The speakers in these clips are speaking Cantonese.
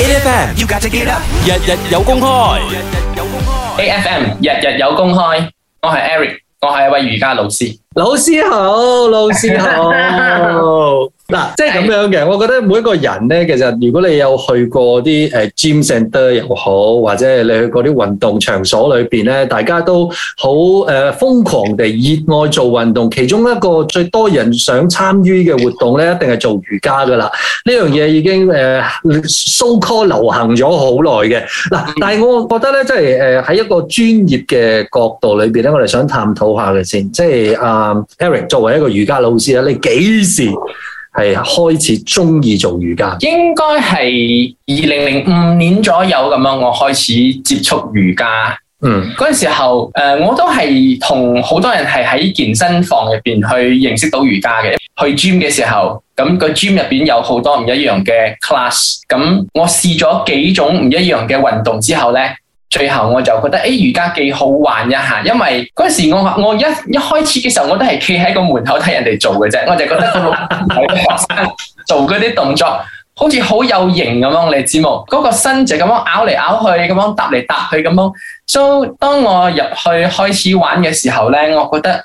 A F M 要架隻機啦，日日有公開，A F M 日日有公開。我係 Eric，我係一位瑜伽老師。老師好，老師好。嗱，即係咁樣嘅，我覺得每一個人咧，其實如果你有去過啲誒 gym center 又好，或者你去嗰啲運動場所裏邊咧，大家都好誒瘋狂地熱愛做運動。其中一個最多人想參與嘅活動咧，一定係做瑜伽噶啦。呢樣嘢已經誒 so called 流行咗好耐嘅。嗱，但係我覺得咧，即係誒喺一個專業嘅角度裏邊咧，我哋想探討下嘅先，即係阿 Eric 作為一個瑜伽老師啊，你幾時？係開始中意做瑜伽？應該係二零零五年左右咁樣，我開始接觸瑜伽。嗯，嗰陣時候，誒，我都係同好多人係喺健身房入邊去認識到瑜伽嘅。去 gym 嘅時候，咁個 gym 入邊有好多唔一樣嘅 class。咁我試咗幾種唔一樣嘅運動之後咧。最後我就覺得，誒、欸，瑜伽幾好玩一下，因為嗰時我我一一開始嘅時候，我都係企喺個門口睇人哋做嘅啫，我就覺得學生做嗰啲動作，好似好有型咁樣你知冇？嗰、那個身就咁樣拗嚟拗去，咁樣搭嚟搭去咁樣拗嚟拗去。所以當我入去開始玩嘅時候咧，我覺得。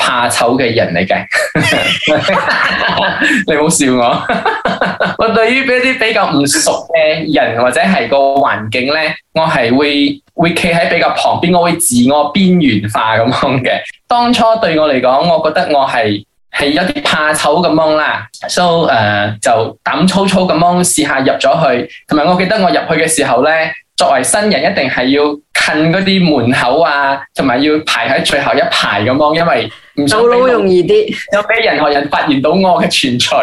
怕醜嘅人嚟嘅， 你好笑我。 我對於一啲比較唔熟嘅人或者係個環境呢，我係會會企喺比較旁邊，我會自我邊緣化咁樣嘅。 當初對我嚟講，我覺得我係係有啲怕醜咁樣啦，所以誒就膽粗粗咁樣試下入咗去。同埋我記得我入去嘅時候呢，作為新人一定係要近嗰啲門口啊，同埋要排喺最後一排咁樣，因為。走佬容易啲，有俾任何人發現到我嘅存在。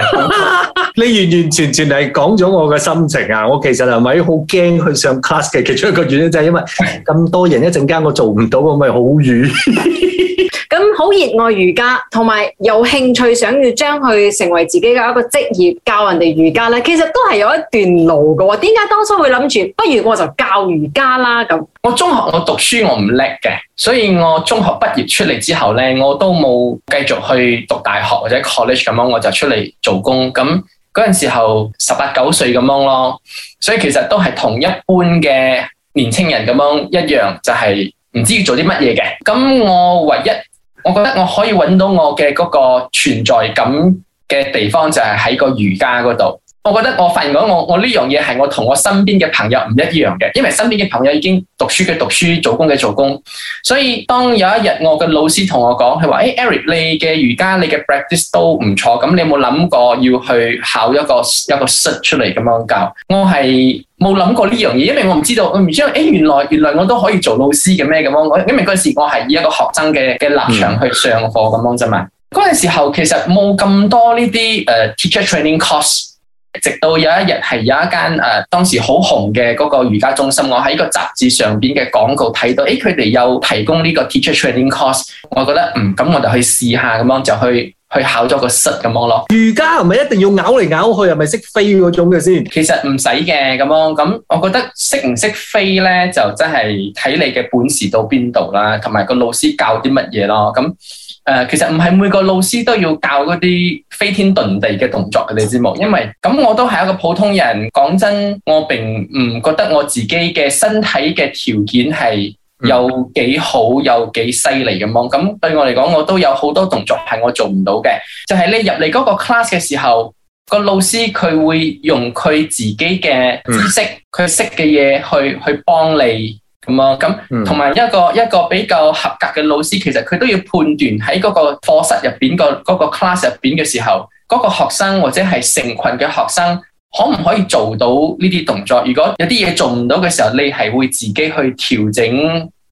你完完全全係講咗我嘅心情啊！我其實係咪好驚去上 class 嘅其中一個原因就係因為咁多人，一陣間我做唔到，我咪好瘀。 咁好熱愛瑜伽，同埋有，有興趣，想要將佢成為自己嘅一個職業，教人哋瑜伽咧，其實都係有一段路㗎喎。點解當初會諗住，不如我就教瑜伽啦咁？我中學我讀書我唔叻嘅，所以我中學畢業出嚟之後咧，我都冇繼續去讀大學或者 college 咁樣，我就出嚟做工。咁嗰陣時候十八九歲咁樣咯，所以其實都係同一般嘅年青人咁樣一樣，就係、係、唔知要做啲乜嘢嘅。咁我唯一我覺得我可以揾到我嘅嗰個存在感嘅地方，就係喺個瑜伽嗰度。我覺得我發現咗我，我呢樣嘢係我同我身邊嘅朋友唔一樣嘅，因為身邊嘅朋友已經讀書嘅讀書，做工嘅做工。所以當有一日我嘅老師同我講，佢話誒，Eric，你嘅瑜伽，你嘅 practice 都唔錯。咁你有冇諗過要去考一個一個 cert 出嚟咁樣教？我係冇諗過呢樣嘢，因為我唔知道，我唔知道誒、欸，原來原來我都可以做老師嘅咩咁？我因為嗰陣時我係以一個學生嘅嘅立場去上課咁樣啫嘛。嗰陣、嗯、時候其實冇咁多呢啲誒 teacher training course 直到有一日係有一間誒、呃、當時好紅嘅嗰個瑜伽中心，我喺個雜誌上邊嘅廣告睇到，誒佢哋有提供呢個 teacher training course，我覺得，嗯，咁我就去試下，咁樣就去去考咗個證咁樣咯。瑜伽係咪一定要拗嚟拗去，係咪識飛嗰種嘅先？其實唔使嘅咁樣，咁我覺得識唔識飛咧，就真係睇你嘅本事到邊度啦，同埋個老師教啲乜嘢咯咁。誒，其實唔係每個老師都要教嗰啲飛天遁地嘅動作嘅，你知冇？因為咁我都係一個普通人。講真，我並唔覺得我自己嘅身體嘅條件係有幾好，有幾犀利咁。咁對我嚟講，我都有好多動作係我做唔到嘅。就係你入嚟嗰個 class 嘅時候，個老師佢會用佢自己嘅知識，佢識嘅嘢去去幫你。咁啊，咁同埋一個一個比較合格嘅老師，其實佢都要判斷喺嗰個課室入邊個嗰個 class 入邊嘅時候，嗰、嗰個學生或者係成群嘅學生，可唔可以做到呢啲動作？如果有啲嘢做唔到嘅時候，你係會自己去調整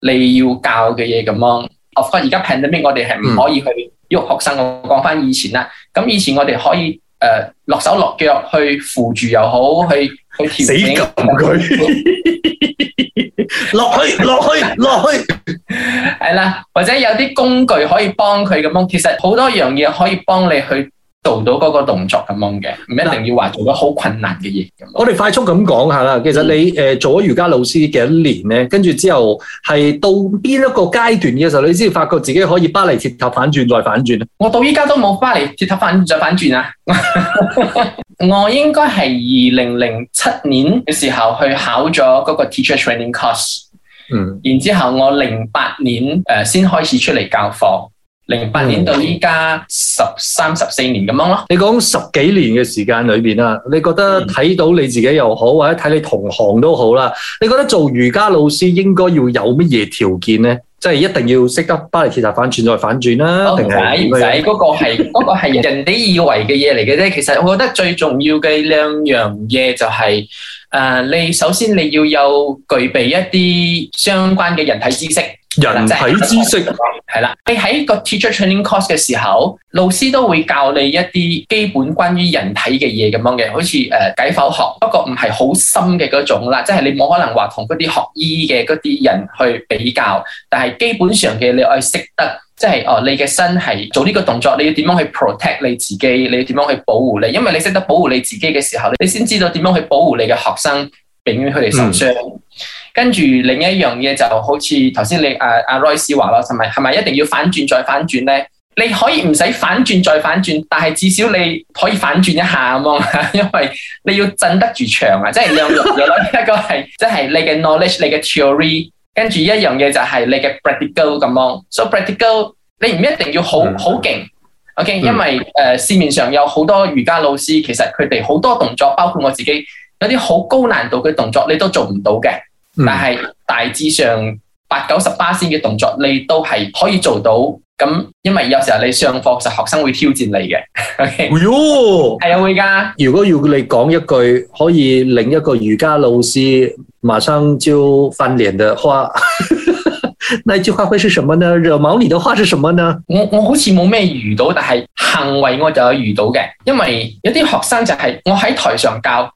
你要教嘅嘢咁咯。Of course，而家 pandemic，我哋係唔可以去喐學生。嗯、我講翻以前啦，咁以前我哋可以誒落、呃、手落腳去扶住又好去。死咁佢落去落 去落去係啦， 或者有啲工具可以幫佢咁樣。其實好多樣嘢可以幫你去做到嗰個動作咁樣嘅，唔一定要話做得好困難嘅嘢。 我哋快速咁講下啦。其實你誒、呃、做咗瑜伽老師幾多年咧？跟住之後係到邊一個階段嘅時候，你先發覺自己可以巴黎鐵塔反轉再反轉咧？我到依家都冇巴黎鐵塔反轉再反轉啊！ 我應該係二零零七年嘅時候去考咗嗰個 teacher training course，嗯，然之後我零八年誒，呃，先開始出嚟教課。零八年到依家十三、十四、嗯、年咁樣咯。你講十幾年嘅時間裏邊啊，你覺得睇到你自己又好，或者睇你同行都好啦。你覺得做瑜伽老師應該要有乜嘢條件咧？即係一定要識得巴黎鐵塔反轉再反轉啦，定係點嘅？嗰、嗰個係，嗰個係人哋以為嘅嘢嚟嘅啫。 其實我覺得最重要嘅兩樣嘢就係、係，誒、呃，你首先你要有具備一啲相關嘅人體知識。人體知識係啦，你喺個 teacher training course 嘅時候，老師都會教你一啲基本關於人體嘅嘢，咁樣嘅，好似誒解剖學，不過唔係好深嘅嗰種啦，即係你冇可能話同嗰啲學醫嘅嗰啲人去比較，但係基本上嘅你愛識得，即係哦、呃，你嘅身係做呢個動作，你要點樣去 protect 你自己，你要點樣去保護你，因為你識得保護你自己嘅時候，你先知道點樣去保護你嘅學生，避免佢哋受傷。嗯跟住另一樣嘢，就好似頭先你誒阿 Royce 話咯，係咪係咪一定要反轉再反轉咧？你可以唔使反轉再反轉，但係至少你可以反轉一下啊！因為你要震得住場啊，即係兩個嘢咯， 一個係即係你嘅 knowledge，你嘅 theory，跟住一樣嘢就係你嘅 practical 咁咯。So practical，你唔一定要好好勁，OK？因為誒、uh, 市面上有好多瑜伽老師，其實佢哋好多動作，包括我自己有啲好高難度嘅動作，你都做唔到嘅。但係大致上八九十巴仙嘅動作，你都係可以做到。咁因為有時候你上課就學生會挑戰你嘅。O.K. 喂，係啊會噶。如果要你講一句可以令一個瑜伽老師馬上就翻臉嘅話， 那一句話會是什麼呢？惹毛你的話是什麼呢？我我好似冇咩遇到，但係行為我就有遇到嘅。因為有啲學生就係我喺台上教。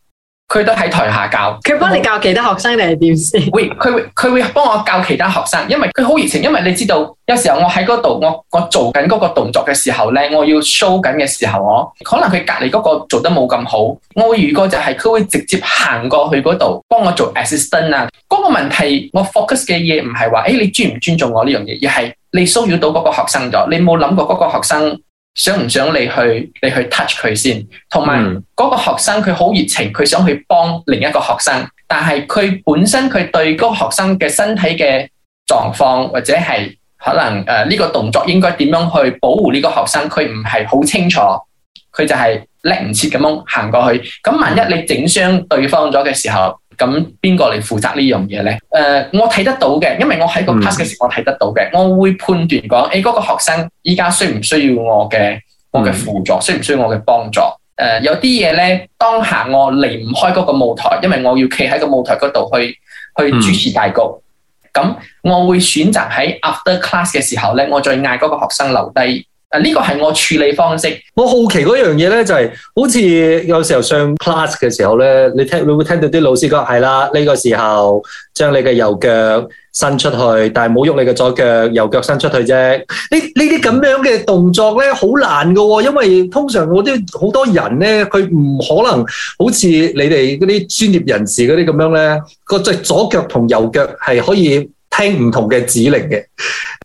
佢都喺台下教，佢幫你教其他學生定係點先？喂會，佢會佢會幫我教其他學生，因為佢好熱情。因為你知道，有時候我喺嗰度，我我做緊嗰個動作嘅時候咧，我要 show 緊嘅時候哦，可能佢隔籬嗰個做得冇咁好，我如果就係佢會直接行過去嗰度幫我做 assistant 啊。嗰、嗰個問題我 focus 嘅嘢唔係話誒你尊唔尊重我呢樣嘢，而係你騷擾到嗰個學生咗，你冇諗過嗰個學生。想唔想你去你去 touch 佢先？同埋嗰個學生，佢好熱情，佢想去幫另一個學生，但係佢本身佢對嗰個學生嘅身體嘅狀況或者係可能誒呢、呃呢個動作應該點樣去保護呢個學生，佢唔係好清楚，佢就係力唔切咁樣行過去。咁萬一你整傷對方咗嘅時候？咁邊個嚟負責呢樣嘢咧？誒、呃，我睇得到嘅，因為我喺個 class 嘅時，我睇得到嘅。嗯、我會判斷講，誒、欸、嗰、那個學生依家需唔需要我嘅我嘅輔助，需唔需要我嘅幫助？誒、呃，有啲嘢咧，當下我離唔開嗰個舞台，因為我要企喺個舞台嗰度去去主持大局。咁、嗯，我會選擇喺 after class 嘅時候咧，我再嗌嗰個學生留低。呢個係我處理方式。我好奇嗰樣嘢呢，就係、是、好似有時候上 class 嘅時候呢，你聽，你會聽到啲老師講係啦，呢、這個時候將你嘅右腳伸出去，但係冇喐你嘅左腳，右腳伸出去啫。呢呢啲咁樣嘅動作呢，好難噶、哦，因為通常我哋好多人呢，佢唔可能好似你哋啲專業人士嗰啲咁樣呢，個隻左腳同右腳係可以聽唔同嘅指令嘅。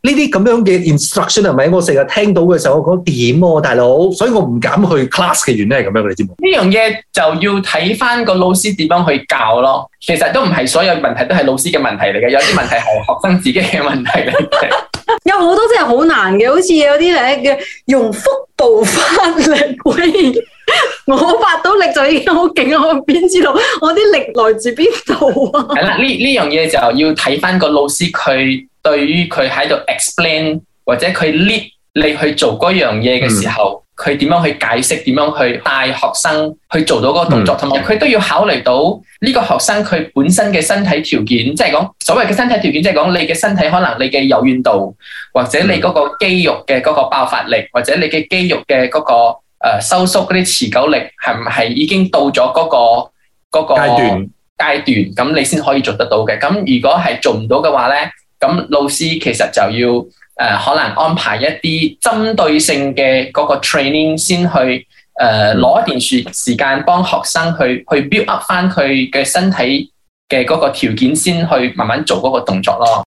呢啲咁樣嘅 instruction 係咪？我成日聽到嘅時候，我覺得點喎，大佬，所以我唔敢去 class 嘅原因係咁樣嘅，你知唔知？呢樣嘢就要睇翻個老師點樣去教咯。其實都唔係所有問題都係老師嘅問題嚟嘅，有啲問題係學生自己嘅問題嚟嘅。有好多真係好難嘅，好似有啲咧嘅用幅度力， 我發到力就已經好勁，我邊知道我啲力來自邊度啊？係啦，呢呢樣嘢就要睇翻個老師佢。對於佢喺度 explain 或者佢 lead 你去做嗰樣嘢嘅時候，佢點樣去解釋？點樣去帶學生去做到嗰個動作？同埋佢都要考慮到呢個學生佢本身嘅身體條件，即係講所謂嘅身體條件，即係講你嘅身體可能你嘅柔軟度，或者你嗰個肌肉嘅嗰個爆發力，或者你嘅肌肉嘅嗰個誒收縮嗰啲持久力，係唔係已經到咗嗰個嗰個階段？階段，咁你先可以做得到嘅。咁如果係做唔到嘅話咧？咁老師其實就要誒、呃、可能安排一啲針對性嘅嗰個 training，先去誒攞、呃、一段時時間幫學生去去 build up 翻佢嘅身體嘅嗰個條件，先去慢慢做嗰個動作咯。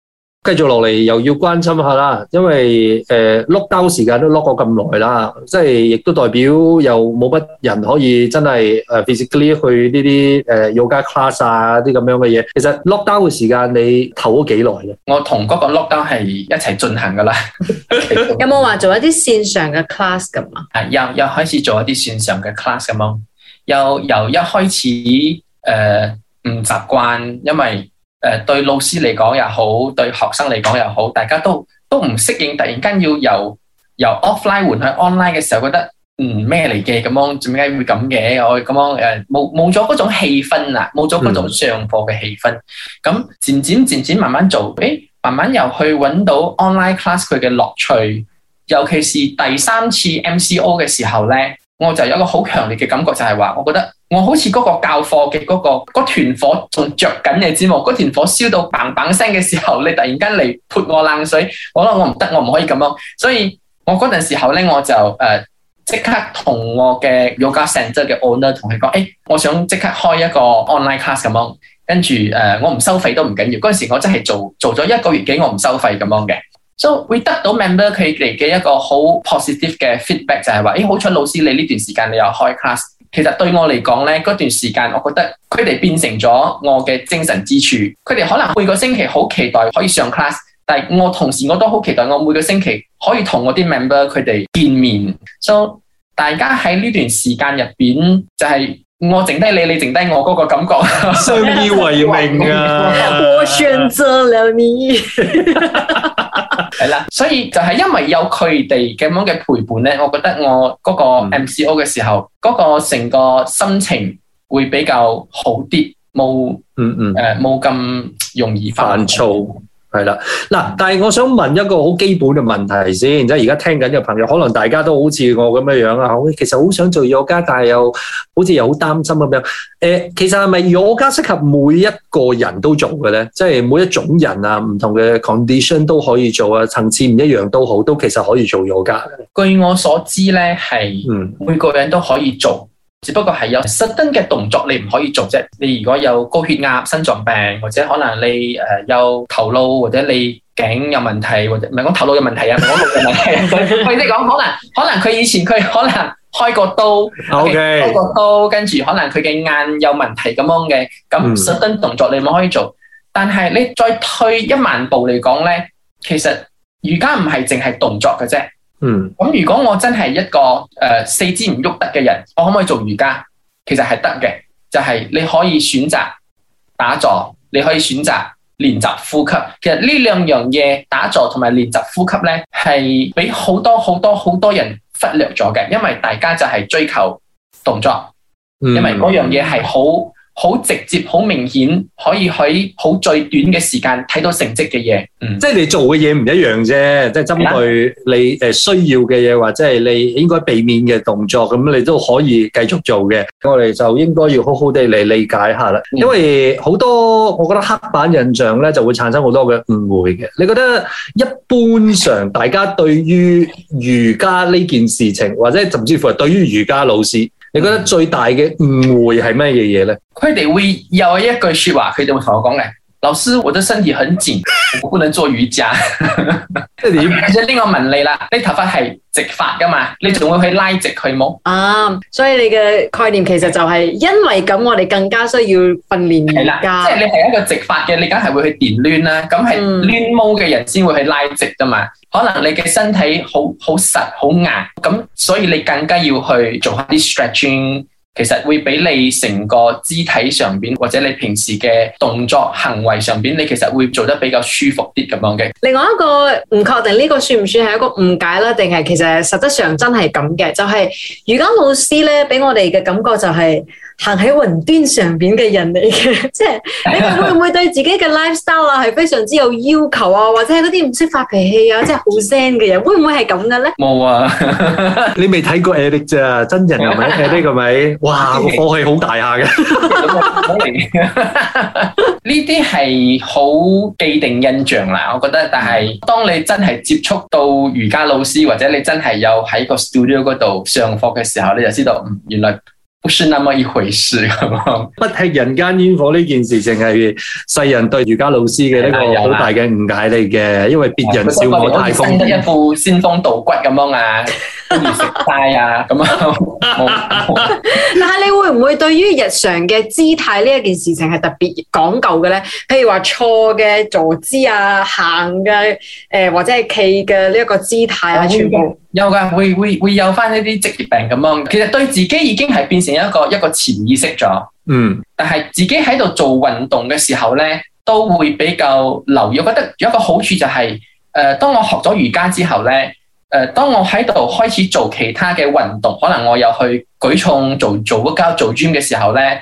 繼續落嚟又要關心下啦，因為誒 lockdown 時間都 lock 咗咁耐啦，即係亦都代表又冇乜人可以真係誒 physically 去呢啲誒 yoga class 啊，啲咁樣嘅嘢。其實 lockdown 嘅時間，你唞咗幾耐嘅？我同嗰個 lockdown 係一齊進行噶啦。有冇話做一啲綫上嘅 class 咁？嘛？啊，又又開始做一啲綫上嘅 class 咁？嘛？又由一開始誒唔習慣，因為。誒對老師嚟講又好，對學生嚟講又好，大家都都唔適應突然間要由由 offline 換去 online 嘅時候，覺得嗯咩嚟嘅咁樣？點解會咁嘅？我咁樣誒冇冇咗嗰種氣氛啦，冇咗嗰種上課嘅氣氛。咁、嗯、漸漸漸漸慢慢做，誒慢慢又去揾到 online class 佢嘅樂趣，尤其是第三次 MCO 嘅時候咧。我就有一個好強烈嘅感覺，就係話，我覺得我好似嗰個教課嘅嗰個嗰團、那個、火仲着緊你知冇？嗰、那、團、個、火燒到砰砰聲嘅時候，你突然間嚟潑我冷水，可能我唔得我，我唔可以咁樣。所以我嗰陣時候咧，我就誒即、呃、刻同我嘅有家成 e 嘅 owner 同佢講，誒、欸，我想即刻開一個 online class 咁樣，跟住誒我唔收費都唔緊要緊。嗰陣時我真係做做咗一個月幾，我唔收費咁樣嘅。所以會得到 member 佢哋嘅一個好 positive 嘅 feedback，就係話，誒，好彩老師你呢段時間你有開 class。其實對我嚟講咧，嗰段時間我覺得佢哋變成咗我嘅精神支柱。佢哋可能每個星期好期待可以上 class，但係我同時我都好期待我每個星期可以同我啲 member 佢哋見面。所以大家喺呢段時間入邊，就係我剩低你，你剩低我嗰個感覺，相依為命啊！我選擇了你。係啦，所以就係因為有佢哋咁樣嘅陪伴咧，我覺得我嗰個 MCO 嘅時候，嗰、嗰個成個心情會比較好啲，冇嗯嗯誒冇咁容易煩躁。係啦，嗱，但係我想問一個好基本嘅問題先，即係而家聽緊嘅朋友，可能大家都好似我咁樣樣啊，其實好想做 yoga，但係又好似又好擔心咁樣。誒、呃，其實係咪 yoga 適合每一個人都做嘅咧？即係每一種人啊，唔同嘅 condition 都可以做啊，層次唔一樣都好，都其實可以做 yoga。據我所知咧，係嗯，每個人都可以做。只不過係有 sudden，嘅動作你唔可以做啫。你如果有高血壓、心臟病，或者可能你誒有頭腦，或者你頸有問題，或者唔係講頭腦有問題啊，頸有問題。佢即係講可能，可能佢以前佢可能開過刀，Okay. 開過刀，跟住可能佢嘅眼有問題咁樣嘅。咁 sudden 動作你唔可以做，但係你再退一萬步嚟講咧，其實而家唔係淨係動作嘅啫。嗯，咁如果我真係一個誒、呃、四肢唔喐得嘅人，我可唔可以做瑜伽？其實係得嘅，就係、是、你可以選擇打坐，你可以選擇練習呼吸。其實呢兩樣嘢，打坐同埋練習呼吸咧，係俾好多好多好多人忽略咗嘅，因為大家就係追求動作，因為嗰樣嘢係好。好直接、好明顯，可以喺好最短嘅時間睇到成績嘅嘢。嗯，即係你做嘅嘢唔一樣啫，即係針對你誒需要嘅嘢，或者係你應該避免嘅動作，咁你都可以繼續做嘅。咁我哋就應該要好好地嚟理解下啦，因為好多我覺得黑板印象咧就會產生好多嘅誤會嘅。你覺得一般上大家對於瑜伽呢件事情，或者甚至乎係對於瑜伽老師？你覺得最大嘅誤會係咩嘢嘢呢？佢哋會有一句説話，佢哋會同我講嘅。老師，我的身體很緊， 我不能做瑜伽。即係呢個問你啦，你頭髮係直髮噶嘛？你仲會去拉直佢毛？啊，所以你嘅概念其實就係因為咁，我哋更加需要訓練瑜伽。係啦，即係你係一個直髮嘅，你梗係會去電攣啦。咁係攣毛嘅人先會去拉直噶嘛？嗯、可能你嘅身體好好實好硬，咁所以你更加要去做下啲 stretching。其實會俾你成個肢體上邊，或者你平時嘅動作行為上邊，你其實會做得比較舒服啲咁樣嘅。另外一個唔確定呢個算唔算係一個誤解啦，定係其實實質上真係咁嘅？就係瑜伽老師咧，俾我哋嘅感覺就係。行喺雲端上邊嘅人嚟嘅，即係你會唔會對自己嘅 lifestyle 啊，係非常之有要求啊，或者係嗰啲唔識發脾氣啊，即係好 Zen 嘅人，會唔會係咁嘅咧？冇啊，你未睇過 Eric 啫，真人係咪？Eric 係咪？哇，個火氣好大下嘅，呢啲係好既定印象啦，我覺得。但係當你真係接觸到瑜伽老師，或者你真係有喺個 studio 嗰度上課嘅時候，你就知道，嗯，原來。不是那麼一回事， 不吃人間煙火呢件事情，係世人對瑜伽老師嘅一個好大嘅誤解嚟嘅，因為別人笑我太瘋，生得一副仙風道骨咁樣啊。食晒啊！咁啊，但係你會唔會對於日常嘅姿態呢一件事情係特別講究嘅咧？譬如話錯嘅坐姿啊，行嘅誒，或者係企嘅呢一個姿態啊，會全部有噶，會會會有翻一啲職業病咁樣。其實對自己已經係變成一個一個潛意識咗。嗯，但係自己喺度做運動嘅時候咧，都會比較留意。我覺得有一個好處就係、是，誒、呃，當我學咗瑜伽之後咧。誒，當我喺度開始做其他嘅運動，可能我有去舉重、做做骨膠、做 gym 嘅時候咧，誒、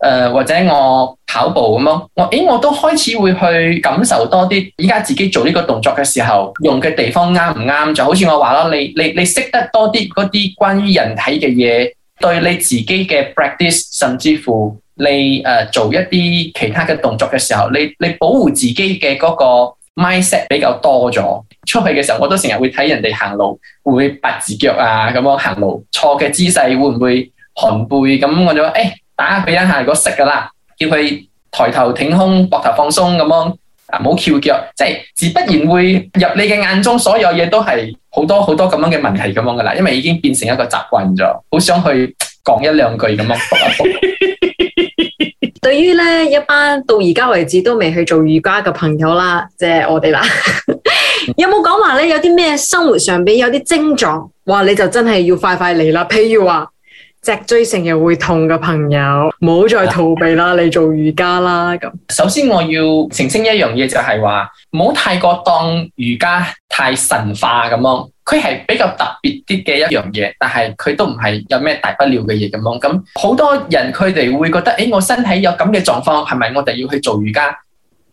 呃、或者我跑步咁咯，我誒、欸、我都開始會去感受多啲，而家自己做呢個動作嘅時候，用嘅地方啱唔啱？就好似我話咯，你你你識得多啲嗰啲關於人體嘅嘢，對你自己嘅 practice，甚至乎你誒、呃、做一啲其他嘅動作嘅時候，你你保護自己嘅嗰個 Mindset 比較多咗，出去嘅時候我都成日會睇人哋行路，會八字腳啊？咁樣行路，錯嘅姿勢會唔會寒背？咁我就話誒、欸、打佢一下，如果食噶啦，叫佢抬頭挺胸，膊頭放鬆咁樣，啊唔好翹腳，即、就、係、是、自不然會入你嘅眼中，所有嘢都係好多好多咁樣嘅問題咁樣噶啦，因為已經變成一個習慣咗，好想去講一兩句咁樣。 對於咧一班到而家為止都未去做瑜伽嘅朋友啦，即係我哋啦， 有冇講話咧？有啲咩生活上邊有啲症狀，哇！你就真係要快快嚟啦。譬如話脊椎成日會痛嘅朋友，唔好再逃避啦，你做瑜伽啦。咁首先我要澄清一樣嘢，就係話唔好太過當瑜伽太神化咁咯。佢係比較特別啲嘅一樣嘢，但係佢都唔係有咩大不了嘅嘢咁咯。咁好多人佢哋會覺得，誒、欸、我身體有咁嘅狀況，係咪我哋要去做瑜伽？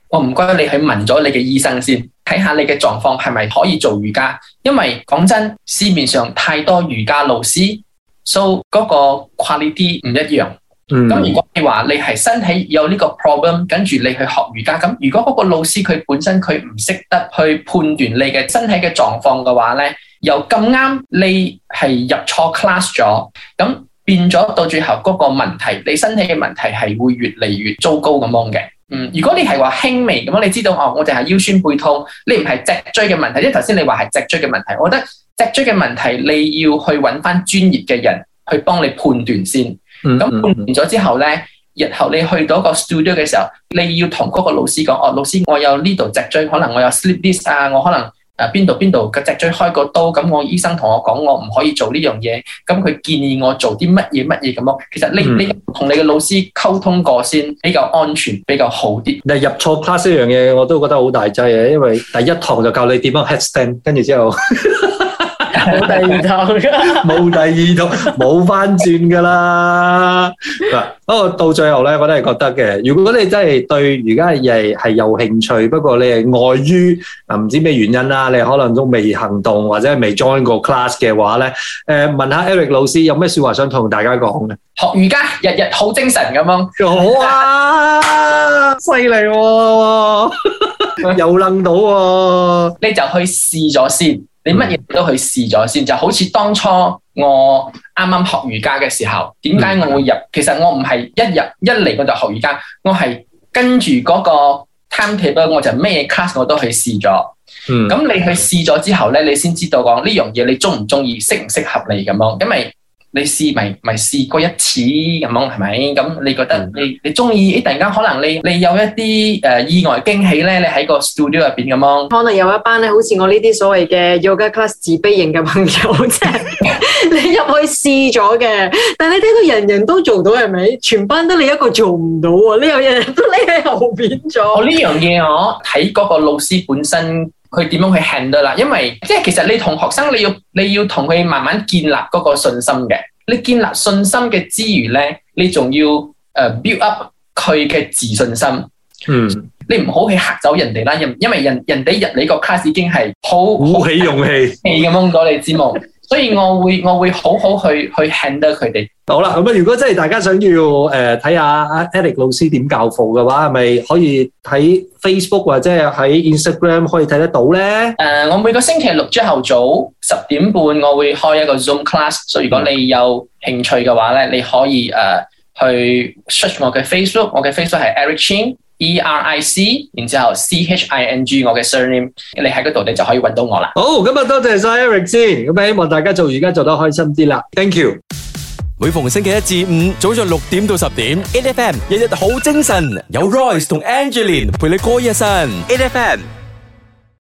我唔該你去問咗你嘅醫生先，睇下你嘅狀況係咪可以做瑜伽？因為講真，市面上太多瑜伽老師，so 嗰個 quality 唔一樣。咁、嗯、如果你話你係身體有呢個 problem，跟住你去學瑜伽，咁如果嗰個老師佢本身佢唔識得去判斷你嘅身體嘅狀況嘅話咧，又咁啱你係入錯 class 咗，咁變咗到最後嗰個問題，你身體嘅問題係會越嚟越糟糕咁樣嘅。嗯，如果你係話輕微咁樣，你知道哦，我淨係腰酸背痛，你唔係脊椎嘅問題，因為頭先你話係脊椎嘅問題，我覺得脊椎嘅問題你要去揾翻專業嘅人去幫你判斷先。咁完咗之後咧，日後你去到個 studio 嘅時候，你要同嗰個老師講，哦，老師，我有呢度脊椎，可能我有 slip disc 啊，我可能誒邊度邊度個脊椎開個刀，咁我醫生同我講，我唔可以做呢樣嘢，咁佢建議我做啲乜嘢乜嘢咁咯。其實你、嗯、你同你嘅老師溝通過先比較安全，比較好啲。你入錯 class 呢樣嘢，我都覺得好大劑啊，因為第一堂就教你點樣 headstand，跟住之後。 冇第二套噶，冇第二套，冇翻轉噶啦。嗱，不過到最後咧，我都係覺得嘅。如果你真係對瑜伽亦係有興趣，不過你係礙於啊唔知咩原因啦，你可能都未行動或者未 join 過 class 嘅話咧，誒，問下 Eric 老師有咩說話想同大家講咧？學瑜伽日日好精神咁樣，好啊，犀利喎，又掕到喎，你就去試咗先。你乜嘢都去試咗先，就好似當初我啱啱學瑜伽嘅時候，點解我會入？其實我唔係一入一嚟我就學瑜伽，我係跟住嗰個 time table，我就咩 class 我都去試咗。咁、嗯、你去試咗之後咧，你先知道講呢樣嘢你鍾唔鍾意，適唔適合你咁咯，因為。你試咪咪試過一次咁樣係咪？咁你覺得你你中意？誒突然間可能你你有一啲誒意外驚喜咧？你喺個 studio 入邊咁樣，可能有一班咧好似我呢啲所謂嘅 yoga class 自卑型嘅朋友，即 你入去試咗嘅，但你睇到人人都做到係咪？全班得你一個做唔到喎，呢樣嘢都匿喺後邊咗。呢樣嘢我睇嗰個老師本身。佢點樣去 handle 啦？因為即係其實你同學生你要你要同佢慢慢建立嗰個信心嘅。你建立信心嘅之餘咧，你仲要誒 build up 佢嘅自信心。嗯，你唔好去嚇走人哋啦，因因為人人哋入你個 class 已經係好鼓起勇氣咁掹咗你之夢。 所以我會我會好好去去 handle 佢哋。好啦，咁啊，如果真係大家想要誒睇下 Eric 老師點教課嘅話，係咪可以喺 Facebook 或者係喺 Instagram 可以睇得到咧？誒、呃，我每個星期六朝頭早十點半我會開一個 Zoom class，所以如果你有興趣嘅話咧，嗯、你可以誒、呃、去 search 我嘅 Facebook，我嘅 Facebook 係 Eric Chan。Eric，然之後 Ching，我嘅 surname，你喺嗰度你就可以揾到我啦。好，咁啊，多謝曬 Eric，咁啊，希望大家做瑜伽做得開心啲啦。Thank you。每逢星期一至五早上六點到十點，FM 日日好精神，有 Royce 同 Angelin 陪你過夜神，FM。